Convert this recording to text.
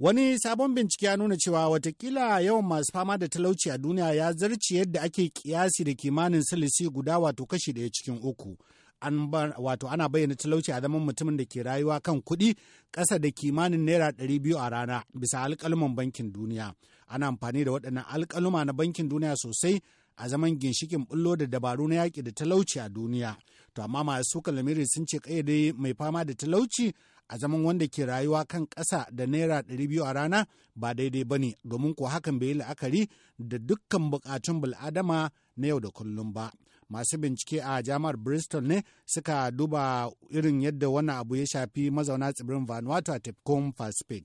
Wani sabon bincike ya nuna cewa watakila yawan masu fama da talauci a duniya ya zarce yadda ake kiyasi da kimanin silisi guda wato kashi ɗaya cikin uku. An wato ana bayyana talauci a zaman mutumin da ke rayuwa kan kuɗi ƙasa da kimanin naira ɗari biyu a rana bisa alƙaluman bankin duniya. Ana amfani da waɗannan alƙaluma na bankin duniya sosai a zaman ginshikin bullo da dabaru na yaƙi da talauci a duniya. To amma masu sukan lamiri sun ce ƙayyade mai fama da talauci a zaman wanda ke rayuwa kan ƙasa da naira 200 a rana ba daidai ba ne domin ko hakan bai yi la'akari da dukkan buƙatun bil'adama na yau da kullum ba. Masu bincike a jami'ar Bristol ne suka duba irin yadda wannan abu ya shafi mazauna tsibirin Vanuatu a tafkon Pacific.